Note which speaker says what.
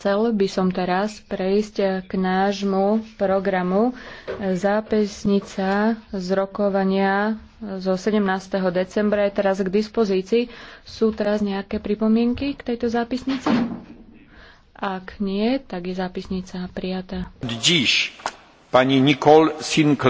Speaker 1: Chcel by som teraz prejsť k nášmu programu zápisnica z rokovania zo 17. decembra je teraz k dispozícii. Sú teraz nejaké pripomienky k tejto zápisnici? Ak nie, tak je zápisnica prijatá.
Speaker 2: Dziś pani Nicole Sinclair